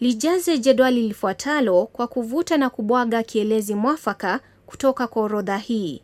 Lijaze jedwali lifuatalo kwa kuvuta na kubwaga kielezi mwafaka kutoka kwa orodha hii.